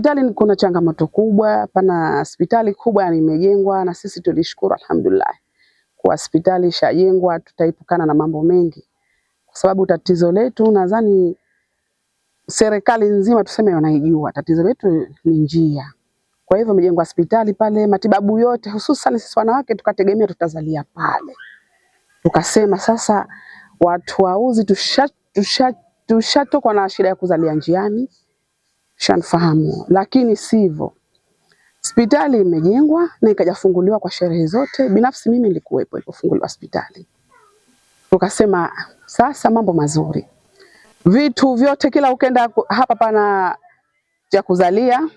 Hospitali kuna changamoto kubwa, pana hospitali kubwa imejengwa, na sisi tulishukuru alhamdulillah kwa hospitali ishajengwa, tutaipukana na mambo mengi, kwa sababu tatizo letu nadhani serikali nzima tuseme wanaijua tatizo letu ni njia. Kwa hivyo imejengwa hospitali pale, matibabu yote hususan sisi wanawake tukategemea tutazalia pale, tukasema sasa watu wauzi tushatokwa tusha, tusha na shida ya kuzalia njiani shanfahamu, lakini sivyo. Hospitali imejengwa na ikajafunguliwa kwa sherehe zote. Binafsi mimi nilikuwepo ilipofunguliwa hospitali, tukasema sasa mambo mazuri, vitu vyote, kila ukenda hapa pana cha kuzalia,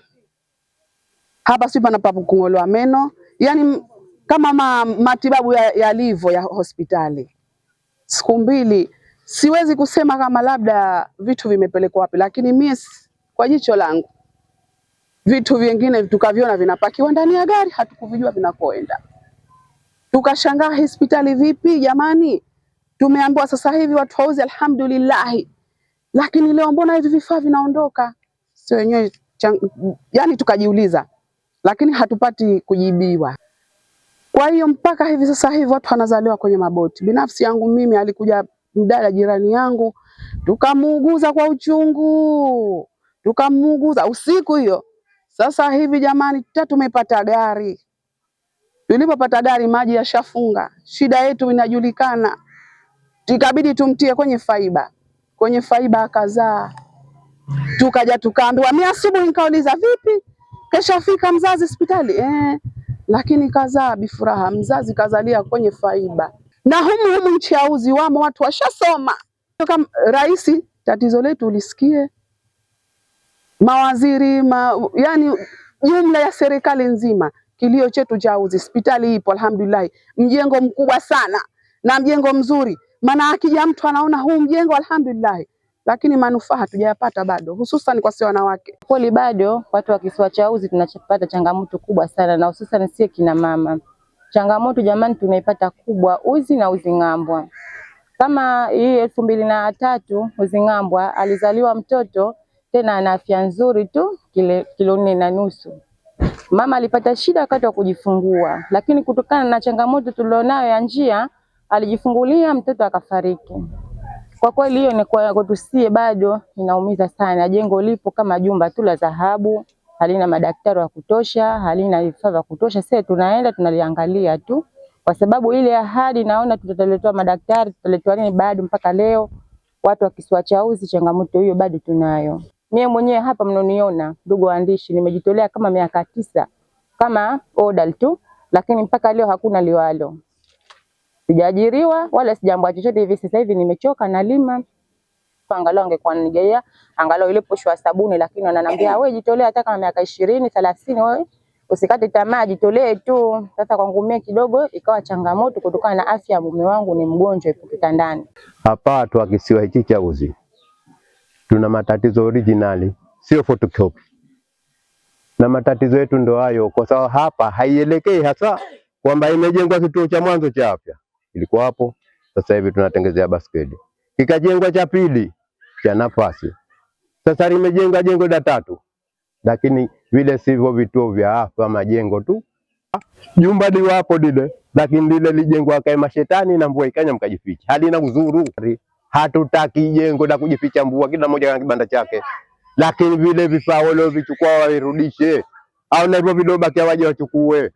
hapa sijui pana pa kung'olewa meno, yani kama ma, matibabu yalivyo ya, ya hospitali. Siku mbili, siwezi kusema kama labda vitu vimepelekwa wapi, lakini mimi kwa jicho langu. Vitu vingine tukaviona vinapakiwa ndani ya gari, hatukuvijua vinakoenda. Tukashangaa hospitali vipi jamani? Tumeambiwa sasa hivi watu wauzi alhamdulillah, lakini leo mbona hivi vifaa vinaondoka? Sio wenyewe yani, tukajiuliza, lakini hatupati kujibiwa. Kwa hiyo mpaka hivi sasa hivi watu wanazaliwa kwenye maboti. Binafsi yangu mimi, alikuja mdada jirani yangu, tukamuuguza kwa uchungu tukamuguza usiku hiyo. Sasa hivi jamani, ta tumepata gari, tulipopata gari maji yashafunga, shida yetu inajulikana, ikabidi tumtie kwenye faiba, kwenye faiba akazaa. Tukaja tukaambiwa, mimi asubuhi nikauliza, vipi keshafika mzazi hospitali eh, lakini kazaa bifuraha, mzazi kazalia kwenye faiba. Na humu humu nchi ya uzi wamo watu washasoma. Rais, tatizo letu ulisikie mawaziri ma, yani jumla ya serikali nzima. Kilio chetu cha uzi, hospitali ipo alhamdulillah, mjengo mkubwa sana na mjengo mzuri, maana akija mtu anaona huu mjengo alhamdulillah, lakini manufaa hatujayapata bado, hususan kwa sio wanawake. Kweli bado watu wa kisiwa cha uzi tunapata changamoto kubwa sana, na hususan sie kina mama, changamoto jamani, tunaipata kubwa uzi na uzi ng'ambwa. Kama hii elfu mbili na tatu uzi ng'ambwa alizaliwa mtoto tena ana afya nzuri tu, kile kilo nne na nusu. Mama alipata shida wakati wa kujifungua, lakini kutokana na changamoto tulionayo ya njia alijifungulia mtoto akafariki. Kwa kweli hiyo ni kwa kutusie, bado inaumiza sana. Jengo lipo kama jumba tu la dhahabu, halina madaktari wa kutosha, halina vifaa vya kutosha. Sasa tunaenda tunaliangalia tu, kwa sababu ile ahadi naona tutaletewa madaktari, tutaletewa nini, bado mpaka leo watu wa kisiwa cha Uzi changamoto hiyo bado tunayo. Mimi mwenyewe hapa mnoniona, ndugu waandishi, nimejitolea kama miaka tisa kama odal tu, lakini mpaka leo hakuna liwalo, sijaajiriwa wala sijaambwa chochote. Hivi sasa hivi nimechoka, na lima angalau angekuwa nigeia angalau ile posho ya sabuni, lakini wananiambia wewe jitolea hata kama miaka ishirini 30, wewe usikate tamaa, jitolee tu. Sasa kwangu mimi kidogo ikawa changamoto kutokana na afya ya mume wangu, ni mgonjwa, ipo kitandani hapa tu, akisiwa hichi cha uzi tuna matatizo originali, sio photocopy, na matatizo yetu ndo hayo. Kwa sababu hapa haielekei hasa kwamba imejengwa kituo cha mwanzo cha afya, ilikuwa hapo, sasa hivi tunatengezea basketi, kikajengwa cha pili cha nafasi, sasa limejengwa jengo la tatu, lakini vile sivyo vituo vya afya, majengo tu jumba liwapo lile, lakini lile lijengwa kae mashetani na mvua ikanya mkajificha, halina uzuru hatutaki jengo la kujificha mbua, kila mmoja na kibanda chake, lakini vile vifaa wale vichukua wairudishe, au na hivyo vilobaki waje wachukue.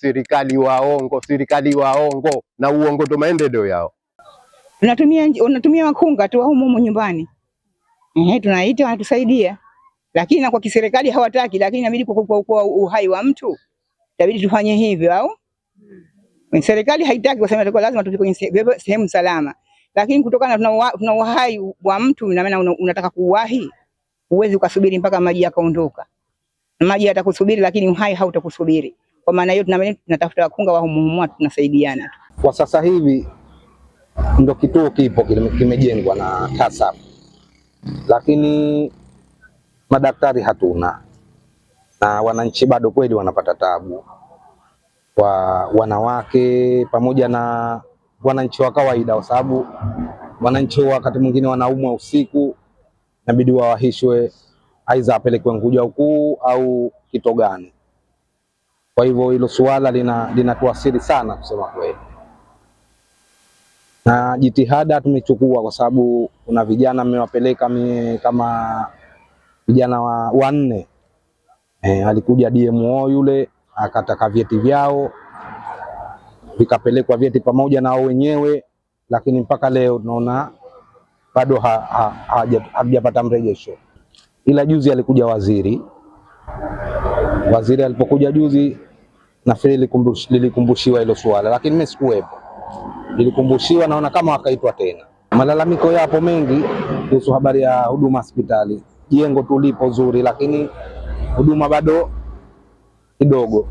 Serikali waongo, serikali waongo, na uongo ndo maendeleo yao. Unatumia unatumia makunga tu au humu nyumbani, ehe, tunaita wanatusaidia, lakini na kwa kiserikali hawataki, lakini inabidi kwa kuokoa uhai wa mtu inabidi tufanye hivyo, au hmm. serikali haitaki, kwa sababu lazima tufike kwenye sehemu salama lakini kutokana tuna uhai wa mtu, na maana unataka kuuahi, uwezi ukasubiri mpaka maji yakaondoka. Maji yatakusubiri, lakini uhai hautakusubiri. Kwa maana hiyo, tunatafuta wakunga wa humuhumu, tunasaidiana. Kwa sasa hivi ndo kituo kipo kimejengwa na TASAF, lakini madaktari hatuna na wananchi bado kweli wanapata tabu, kwa wanawake pamoja na wananchi wa kawaida, kwa sababu wananchi wakati mwingine wanaumwa usiku, inabidi wawahishwe, aidha apelekwe nguja Ukuu au Kitogani. Kwa hivyo hilo suala lina linatuasiri sana kusema kweli, na jitihada tumechukua kwa sababu kuna vijana mmewapeleka, mie kama vijana wanne e, alikuja DMO yule akataka vyeti vyao vikapelekwa vyeti pamoja na wao wenyewe, lakini mpaka leo tunaona bado hatujapata mrejesho. Ila juzi alikuja waziri. Waziri alipokuja juzi, nafikiri lilikumbushiwa hilo suala, lakini mimi sikuwepo, lilikumbushiwa, naona kama wakaitwa tena. Malalamiko yapo mengi kuhusu habari ya huduma hospitali. Jengo tulipo zuri, lakini huduma bado kidogo.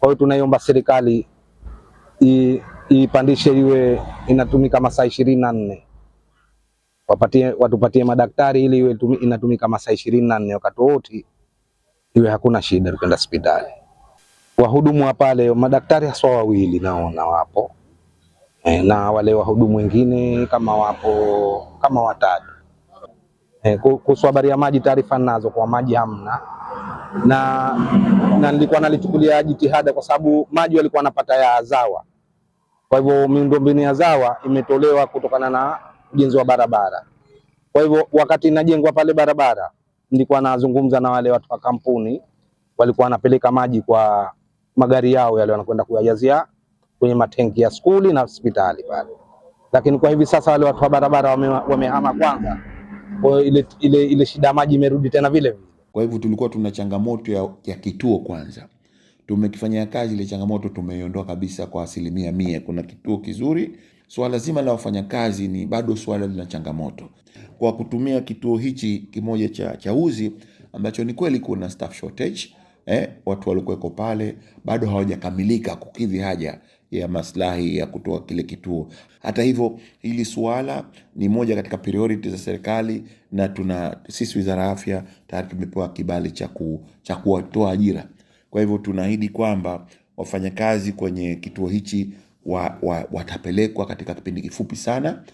Kwa hiyo tunaiomba serikali ipandishe iwe inatumika masaa ishirini na nne wapatie watupatie madaktari ili iwe inatumika masaa ishirini na nne wakati wote, iwe hakuna shida tukenda hospitali. Wahudumu wa pale madaktari haswa wawili naona wapo e, na wale wahudumu wengine kama wapo kama watatu e, kuhusu habari ya maji taarifa nazo kwa maji hamna na, na nilikuwa nalichukulia jitihada kwa sababu maji walikuwa wanapata ya azawa kwa hivyo miundombinu ya ZAWA imetolewa kutokana na ujenzi wa barabara. Kwa hivyo wakati inajengwa pale barabara, nilikuwa nazungumza na wale watu wa kampuni, walikuwa wanapeleka maji kwa magari yao yale, wanakwenda kuyajazia kwenye matenki ya skuli na hospitali pale. Lakini kwa hivi sasa wale watu wa barabara wamehama, wame kwanza kwa ile, ile, ile shida ya maji imerudi tena vile vile. Kwa hivyo tulikuwa tuna changamoto ya, ya kituo kwanza tumekifanyia kazi ile changamoto, tumeiondoa kabisa kwa asilimia mia. Kuna kituo kizuri. Swala zima la wafanyakazi ni bado swala lina changamoto, kwa kutumia kituo hichi kimoja cha Chauzi ambacho ni kweli kuna staff shortage eh, watu walikuweko pale bado hawajakamilika kukidhi haja ya maslahi ya kutoa kile kituo. Hata hivyo, hili suala ni moja katika priority za serikali, na tuna sisi wizara ya afya tayari tumepewa kibali cha kuwatoa ajira kwa hivyo tunaahidi kwamba wafanyakazi kwenye kituo hichi wa, wa, watapelekwa katika kipindi kifupi sana.